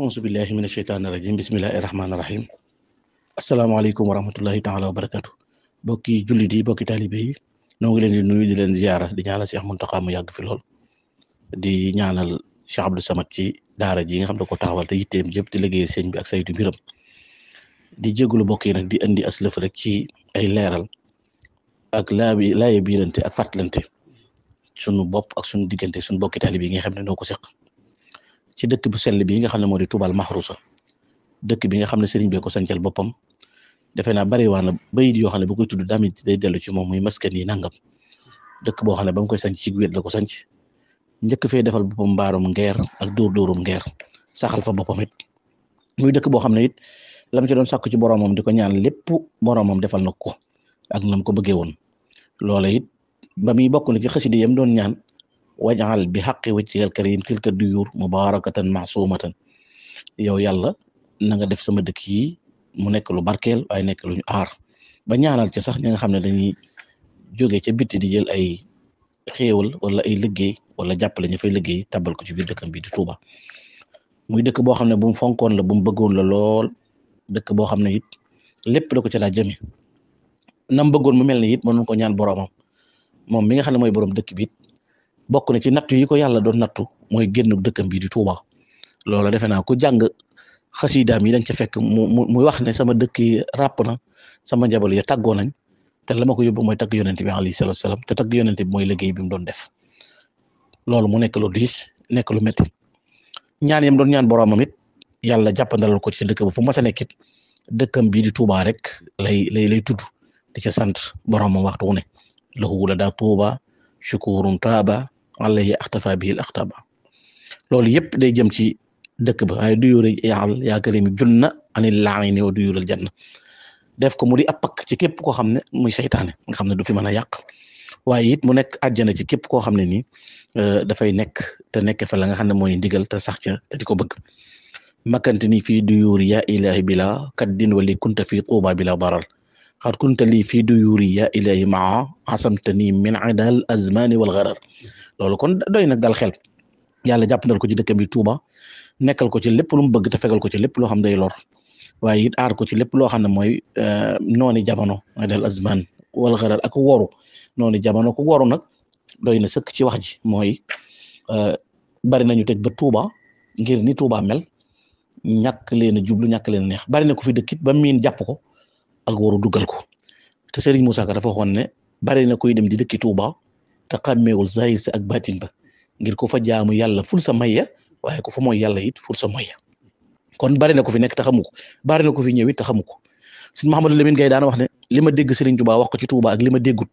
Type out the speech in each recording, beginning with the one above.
أعوذ بالله من الشيطان الرجيم بسم الله الرحمن الرحيم السلام عليكم ورحمة الله تعالى وبركاته بوكي جولي دي بوكي تالي بي نوغي لن نوي دي لن زيارة دي نعلا سيح منتقى مياغ في لول دي نعلا شعب دو سمتشي دارة جي نعلا كو تاوال تي تيم جيب دي لغي سين بي أكسايتو بيرم دي جيغو لبوكي نك دي اندي أسلف ركي أي ليرال أك لا بي لا يبيرنتي أك فاتلنتي سنو بوب أك سنو ديجنتي سنو بوكي تالي بي نعلا نوكو سيق ci dëkk bu sel bi nga xamne modi tubal mahrusa dëkk bi nga xamne serigne bi ko sancal bopam defé na bari waana bayit yo xamne bu koy tuddu damit day delu ci mom muy maskan yi nangam dëkk bo xamne bam koy sant ci wéet la ko sant ñëk fe defal bopam mbaarum ngeer ak dóor dóorum ngeer saxal fa bopam it muy dëkk bo xamne it lam ci doon sakku ci boromam di ñaan lépp boromam defal nako ak nam ko bëgge won lolé it bamuy bokku ci doon ñaan wajal bi xaqi wajhikal karim tilka duyur mubarakatan masumatan yow yàlla na nga def sama dëkk yi mu nekk lu barkeel waaye nekk lu ñu aar ba ñaanal ci sax ñi nga xam ne dañuy jóge ca biti di jël ay xéewal wala ay liggéey wala jàppale ñu fay liggéey tabal ko ci biir dëkkam bi di Touba muy dëkk boo xam ne bu mu fonkoon la bu mu bëggoon la lool dëkk boo xam ne it lépp da ko ca laa jëme nam bëggoon mu mel ni it mënoon ko ñaan boroomam moom mi nga xam ne mooy borom dëkk bi bokk na ci nattu yi ko yàlla doon nattu mooy génn dëkkam bi di Touba loola defe naa ku jàng xasidaam yi dañ ca fekk mu mu wax ne sama dëkk yi ràpp na sama njaboot ya tàggoo nañ te la ma ko yóbbu mooy tagg yonent bi alayhi salaatu salaam te tagg yonent bi mooy liggéey doon def loolu mu nekk lu diis nekk lu métti ñaan yam doon ñaan boroomam it yàlla jàppandalal ko ci dëkk ba fu mas a nekkit dëkkam bii di Touba rek lay lay lay tudd di ca sant boroomam waxtu wu ne lahu la daa Touba taaba allahi axtafa bihi l axtaba loolu yëpp day jëm ci dëkk ba waaye du yore yàlla yaa karimi junna anil laani wa du yural janna def ko mu di ab pakk ci képp koo xam ne muy seytaane nga xam ne du fi mën a yàq waaye it mu nekk àjjana ci képp koo xam ne nii dafay nekk te nekk fa la nga xam ne mooy ndigal te sax ca te di ko bëgg makkante ni fii du yuur yaa ilahi bila kaddin wali kunta fii tuuba bila darar قد كنت لي في ديوري يا إلهي مع عصمتني من عند الأزمان والغرر لو كنت دوينا قال خل يا الله جابنا لكو جدك بيتوبة نكال كو جلب لهم بغت فعل كو جلب لهم ده يلور وايد آر كو جلب لهم نمو آه، نوني جابنا عند الأزمان والغرر أكو وارو نوني جابنا أكو وارو نك دوينا سكتي واحد موي آه، بارنا نيوتك بتوبة غير نيتوبة مل ñak leen jublu ñak leen neex bari na ko fi dëkk it ba min japp ko ak waru duggal ko te Serigne Moussa Ka dafa waxoon ne bari na koy dem di dëkki Touba te xàmmeewul zahir sa ak baatin ba ngir ko fa jaamu yàlla ful sa mayya waaye ku fa mooy yàlla it ful sa moyya kon bari na ko fi nekk taxa xamu ko bari na ko fi ñëw it te xamu ko sëñ Mouhamadou Lamine Gaye daan wax ne li ma dégg Serigne Touba wax ko ci Touba ak li ma déggut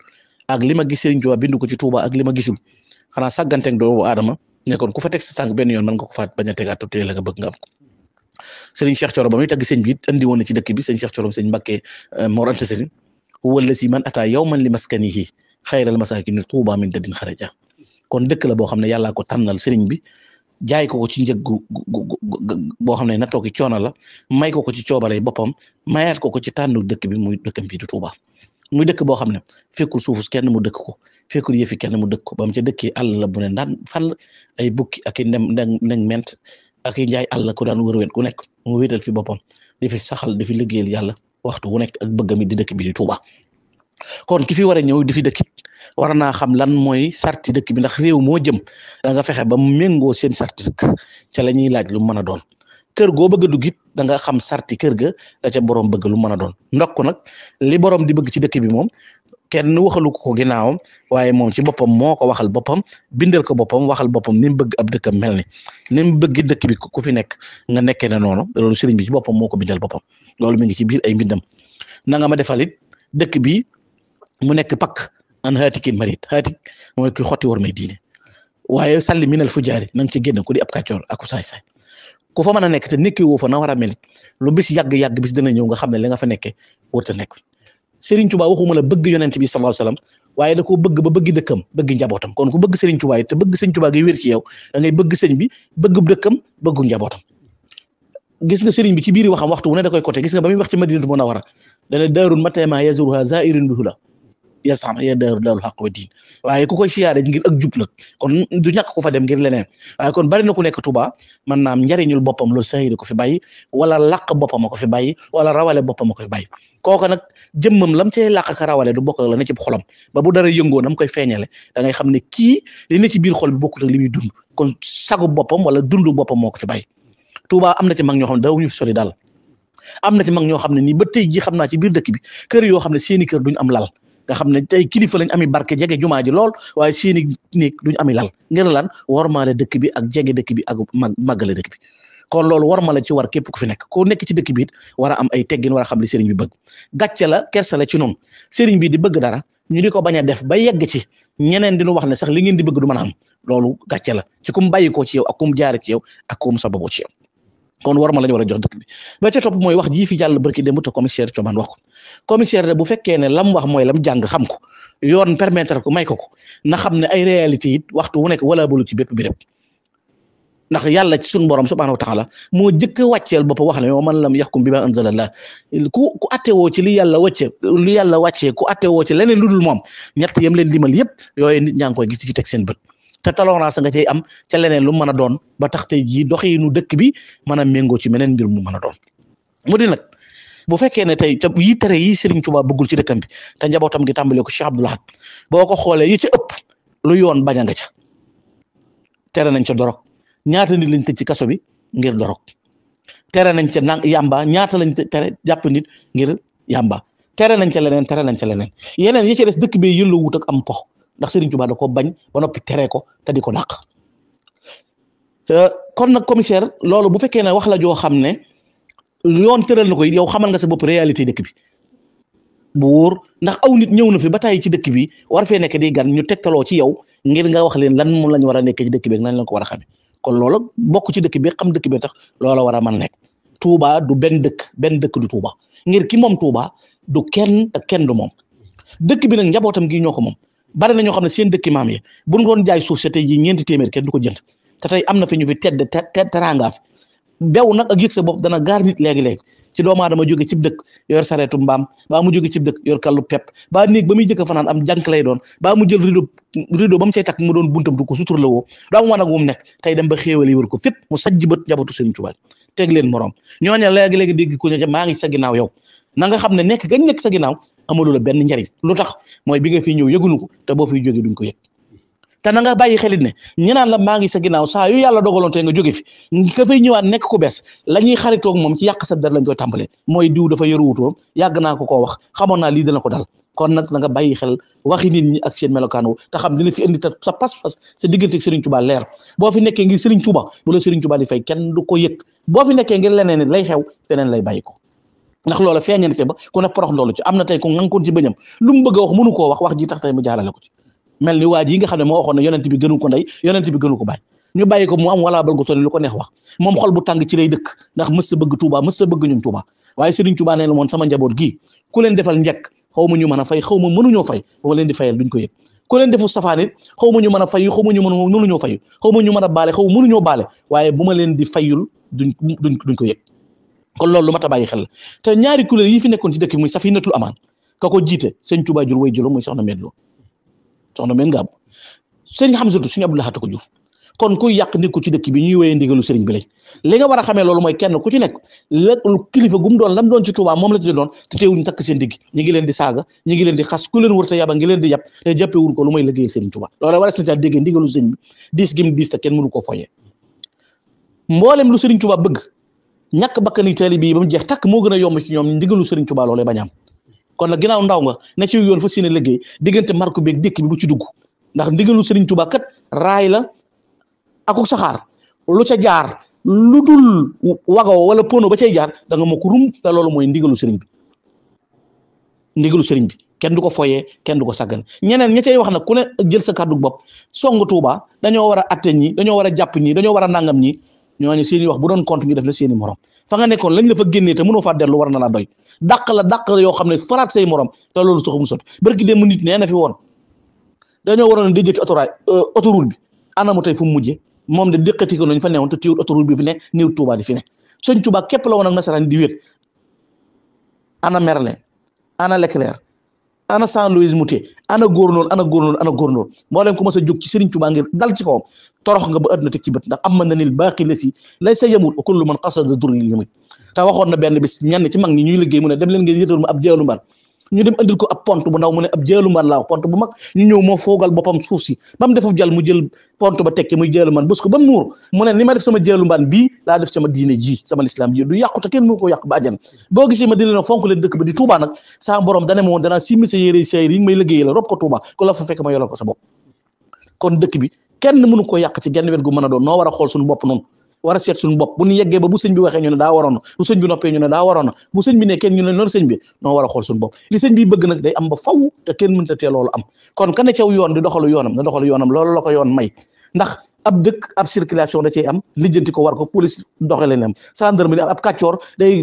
ak li ma gis Serigne Touba bindu ko ci Touba ak li ma gisul xanaa sàgganteeg doomu aadama ne kon ku fa teg sa tànk benn yoon mën nga ko faat bañ a tegaat te la nga bëgg nga am ko Serigne Cheikh Thioro ba muy tagg sëñ bi it andi woon na ci dëkk bi sëñ Cheikh Thioro sëñ Mbàkke euh, Mor Anta Serigne wala si man ataa yawman li maskanihi xayral masakini tuuba min dadin xaraja kon dëkk la boo xam ne yàllaa ko tànnal Serigne bi jaay ko ko ci njëg gu boo xam ne nattoo ki coono la may ko ko ci coobare boppam mayaat ko ko ci tànnu dëkk bi muy dëkkam bi du Tuuba dëkk boo xam ne fekkul suufus kenn mu dëkk ko fekkul yëfi kenn mu dëkk ko ba mu ca dëkkee àll la bu ne ndaan fàll ay bukki ak i ndem ndeng ment ak i njaay àll ko daan wër wet ku nekk mu wéetal fi boppam di fi saxal di fi liggéeyal yàlla waxtu wu nekk ak bëggami di dëkk bi di Tuuba kon ki fi war a ñëw di fi dëkk war naa xam lan mooy sarti dëkk bi ndax réew moo jëm da nga fexe ba méngoo seen sarti dëkk ca la ñuy laaj lu mën a doon kër goo bëgg a dugg it xam sarti kër ga da ca borom bëgg lu mën a doon ndokk nag li borom di bëgg ci dëkk bi moom kenn waxalu ko ko ginnaawam waaye moom ci boppam moo ko waxal boppam bindal ko boppam waxal boppam ni mu bëgg ab dëkkam mel ni ni mu bëgg dëkk bi ku fi nekk nga nekkee ne noono loolu sëriñ bi ci boppam moo ko bindal boppam loolu mi ngi ci biir ay mbindam na nga ma defal it dëkk bi mu nekk pakk an haatikin marit haatik mooy ki xotti war may diine waaye sàlli minal fu jaari na nga ci génn ku di ab kàccoor aku saay-saay ku fa mën a nekk te nekki woo fa na war a mel lu bis yàgg-yàgg bis dana ñëw nga xam ne li nga fa nekkee wërta nekk Serigne Touba waxuma la bëgg yonent bi sallallahu alayhi wasallam waaye da koo bëgg ba bëgg dëkkam bëgg njabootam kon ku bëgg Serigne Touba yi te bëgg Serigne Touba gi wér ci ngay bëgg sëñ bi bëgg dëkkam bëggu njabootam gis nga Serigne bi ci biir waxam waxtu wu ne da koy côté gis nga ba muy wax ci Madinatu Munawwara dana daarun matama yazuruha zairun bihula yasam ye dër lal xaq wa diin waaye ku koy siyaare ngir ak jub la kon du ñàkk ku fa dem ngir leneen waaye kon bari na ku nekk Tuuba man naam njariñul boppam loolu sahida ko fi bàyyi wala làq boppam a ko fi bàyyi wala rawale boppam a ko fi bàyyi kooka nag jëmmam lam cay làq ka rawale du bokk la na ci xolam ba bu dara yëngoo nam koy feeñale dangay xam ne kii li ne ci biir xol bi bokkut ak li muy dund kon sagu boppam wala dundu boppam moo ko fi bàyyi Tuuba am na ci mag ñoo xam ne dawuñu fi sori daal am na ci mag ñoo xam ne nii ba tey ji xam naa ci biir dëkk bi kër yoo xam ne seeni kër duñ am lal nga xam ne tey kilifa lañ ami barke jege jumaa ji lool waaye seeni néeg duñ ami lal ngir lan wormaale dëkk bi ak jege dëkk bi ak mag màggale dëkk bi kon loolu war ma la ci war képp ku fi nekk ko nekk ci dëkk bi it war am ay tegin war a xam li sëriñ bi bëgg gàcce la kersa la ci noonu sëriñ bi di bëgg dara ñu di ko bañ a def ba yegg ci ñeneen di nu wax ne sax li ngeen di bëgg du mën a am loolu gàcce la ci kum bàyyi ko ci yow ak kum jaare ci yow ak kum sababo ci yow kon war ma la ñu war a jox dëkk bi ba ca topp mooy wax jii fi jàll barki démb te commissaire Thioman wax commissaire bu fekkee ne lam wax moy lam jàng xam ko yoon permettre ko may ko ko na xam ne ay réalité it waxtu wu nekk wala balu ci bépp bi rek ndax yàlla ci suñu borom subhaanahu wa taala moo jëkk a wàcceel wax ne moo man lam yaxkum bi ma anzalallah ku ku attewoo ci li yàlla wàccee li yàlla wàccee ku attewoo ci leneen lu dul moom ñett yem leen limal yëpp yooyu nit ñaa ngi koy gis ci teg seen bët te tolérance nga cay am ca leneen lu mën a doon ba tax tey jii doxinu dëkk bi mën a méngoo ci meneen mbir mu mën a doon mu di nag bu fekkee ne tey yi tere yi Serigne Touba bëggul ci dëkkam bi te njabootam gi tàmbale ko Cheikh Abdoul Ahad boo ko xoolee yi ci ëpp lu yoon bañ a nga ca tere nañ ca dorog ñaata nit lañ tëj ci kaso bi ngir dorog tere nañ ca na yàmba ñaata lañ tere jàpp nit ngir yàmba tere nañ ca leneen tere nañ ca leneen yeneen yi ci des dëkk bi yëllu wut am pox ndax Serigne Touba da ko bañ ba noppi teree ko te di ko dàq euh, kon nag commissaire loolu bu fekkee ne wax la joo xam ne yoon tëral na ko yow xamal nga se bopp réalité dëkk bi bu wóor ndax aw nit ñëw na fi ba tàyyi ci dëkk bi war fee nekk di gan ñu tegtaloo ci yow ngir nga wax leen lan moom lañ war a nekkee ci dëkk bi nan lañ ko war kon loola bokk ci dëkk bi xam dëkk bi tax loola war a mën nekk Touba du benn dëkk benn dëkk du Touba ngir ki moom Touba du kenn kenn du moom dëkk bi nag njabootam gi ñoo ko moom bari na ñoo xam ne seen dëkki maam yi bu ñu doon jaay suuf si tey jii ñeenti téeméer kenn du ko jënd te tey am na fi ñu fi tedd te teraanga fi bew nag ak yëg sa bopp dana gaar nit léegi-léegi ci doomu aadama jóge cib dëkk yor mbaam baa mu jóge cib dëkk yor kallu baa néeg ba muy jëkk fanaan am jànk lay doon baa mu jël rido rido ba mu cay takk mu doon buntam du ko sutur la woo daa mu wan nekk tey dem ba xéewal ko fépp mu bët njabootu seen tubaab teg leen morom ñooñu léegi-léegi dégg ku ne maa ngi sa ginnaaw yow na nga xam ne nekk gañ nekk sa ginnaaw amalu la benn njariñ lu tax mooy bi nga fi ñëw yëgunu ko te boo fiy jóge duñ ko yëg te na nga bàyyi xelit ne ñu la maa ngi sa ginnaaw saa yàlla dogaloon te nga jóge fi ka fay ñëwaat nekk ku bees la ñuy xaritoog moom ci yàq sa der lañ koy tàmbalee mooy diw dafa yëruwutoo yàgg naa ko koo wax xamoon naa lii dana ko dal kon nag na nga bàyyi xel waxi nit ñi ak seen melokaan wu te xam li la fi indi ta sa pas-pas sa diggante ak Serigne Touba leer boo fi nekkee ngir Serigne Touba bu la Serigne Touba di fay kenn du ko yëg boo fi nekkee ngir leneen lay xew feneen lay bàyyi ndax loola feeñal ca ba ku ne porox tey ku ngankoon ci bëñam lu mu bëgg a wax mënu koo wax wax ji tax tey mu jaarale ko ci mel bi gënu ko ndey yonent bi gënu ko ko mu am walaa bal gu tolli ko neex wax moom xol bu tàng ci lay ndax mës sa bëgg Tuuba mës sa bëgg ñun Tuuba waaye Sëriñ Tuuba nee na moon sama njaboot gii ku leen defal njëkk xaw ma ñu mën a fay xaw ma mënuñoo fay boo leen di fayal ko yëg leen defu safaan xaw ma ñu mën a fayu xaw ma ñu mën mënuñoo fayu xaw ma ñu mën a baale xaw ma baale waaye bu ma leen di fayul duñ duñ duñ ko yëg kon loolu lu mat a bàyyi xel te ñaari kuréel yi fi nekkoon ci dëkk bi muy Safinatul Amaan ka ko jiite sëñ Tuubaa jur way juró muy soxna meen loo soxna meen ngaab sëñ Xamsatu suñu ko kon kuy yàq nit ci dëkk bi ñuy woyee ndigalu sëriñ bi lañ a xamee loolu mooy kenn ku ci nekk la kilifa gum doon lam doon ci Tuubaa moom la ci doon te teewuñu takk seen digg ngi leen di saaga ñi ngi leen di xas ku leen wër te yaba ngi leen di yàpp te jàppewul ko lu may liggéey sëriñ Tuubaa loolu war na caa déggee ndigalu lu sëriñ Tuubaa bëgg ñàkk bakkani taali bi ba mu jeex takk moo gën a yomb ci ñoom ndigalu Serigne Touba loolee bañ am kon a ginnaaw ndaw nga ne ci yoon fa seen liggéey diggante marko beeg dékk bi bu ci dugg ndax ndigalu sëriñ Touba kat raay la akuk saxaar lu ca jaar lu dul wagaw wala pono ba cey jaar danga nga mokk rum te loolu mooy ndigalu sëriñ bi ndigalu sëriñ bi kenn du ko foyee kenn du ko sàggan ñeneen ña cay wax nag ku ne jël sa kàddu bopp song Touba dañoo war a atte ñi dañoo war a jàpp ñi dañoo a nangam ñi ñooñu seeni wax bu doon compte ñu def la seeni morom fa nga nekkoon lañ la fa génnee te mënoo faa dellu war na la doy dàq la dàq yoo xam ne faraat say morom te loolu sax mu sotti barki dem nit nee na fi woon dañoo waroon di jëti autoraay euh, autoroute bi anamu tey fu mu mujjee moom de dëkkati ko nañ fa newoon te téewut autoroute bi fi ne néew Tuubaa di fi ne sëñ Tuubaa képp la woon ak nasaraan di wéet ana Merlin ana Leclerc ana Jean-Louis Moutet ana góor noonu ana góor noonu ana góor noonu mbooleem ku mas a jóg ci Sëriñ Tuubaa ngir dal ci kawam torox nga ba àdduna teg ci bët ndax am na nil baaqi la si lay sa yamut wa kullu man qasada durri yamut te waxoon na benn bis ñenn ci mag ñi ñuy liggéey mu ne dem leen ngeen yëtal ma ab ñu dem andil ko ab pont bu ndaw mu ne ab jëlu man laaw pont bu mag ñu ñëw moo foogal boppam suuf si ba mu defaf jal mu jël pont ba tekki muy jëlu man bés ko ba mu mu ne ni ma def sama jëlu man laa def sama diine ji sama lislaam ji du yàqu te kenn mu ko yàq ba àjjana boo gisee ma di leen fonk leen dëkk ba di Touba nag saa borom dane ma woon danaa simmi sa yére yi may liggéey la rob ko Touba ku la fa fekk ma yolal ko sa bopp bi kenn mënu ko yàq ci genn mën a doon noo xool suñu bopp noonu wara a seet suñu bopp bu ñu yeggee ba bu sëñ bi waxee ñu ne daa waroon na bu sëñ bi noppee ñu ne daa waroon na bu sëñ bi ne kenn ñu ne noonu sëñ bi noo war a xool suñu bopp li sëñ bi bëgg nag day am ba faw te kenn mënta tee am kon ka ne caw yoon di doxalu yoonam na doxalu yoonam loolu la yoon may ndax ab dëkk ab circulation da cay am lijjanti ko war ko police doxalee leen am gendarmerie ab kàccoor day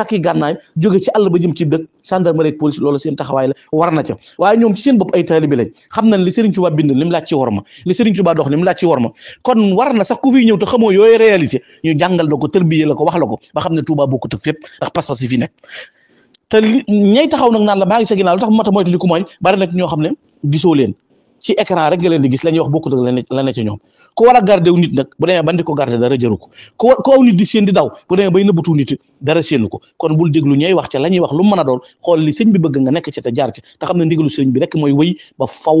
takki gànnaay jóge ci àll ba jëm ci dëkk gendarmerie ak police loolu seen taxawaay la war na ca waaye ñoom ci seen bopp ay taalibe xam nañ li Serigne Touba bind li mu laaj ci worma li Serigne Touba dox li mu laaj ci worma kon war na sax ku fi ñëw te xamoo yooyu réalité ñu jàngal ko tërbiyee la wax la ko ba xam ne Touba bokkut ak fépp ndax pas taxaw nag naan la maa ngi sa ginnaaw lu tax mata moytu li ko mooy bari nag ñoo xam ne gisoo leen ci écran rek nga leen di gis la ñuy wax bokkut ak la ne ci war a garder wu nit nag bu demee ban ko garder dara jëru ko ku di séen di daw bu demee bay nëbbatu dara séenu ko kon bul déglu ñooy wax ca la ñuy wax lu mën a doon xool li sëñ bi bëgg nga nekk ci te jaar ci te xam ne ndigalu sëñ bi rek mooy wëy ba faw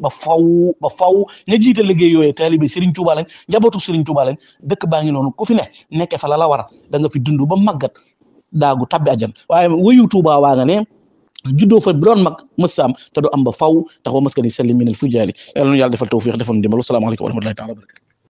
ba faw ba faw ña jiite liggéey yooyee taalibe Serigne Touba lañ njabootu Serigne Touba lañ dëkk baa ngi noonu ku fi ne nekke fa la la war a da nga fi dund ba màggat daagu tabbi ajan waaye wëyu Touba waa nga ne juddoo fa bi doon mag mësaam te du am ba faw taxaw maskani salli minal fujaari yàlla nu yàlla defal tawfiq defal ndimbal wasalaamaaleykum wa rahmatullahi taala wa barakatu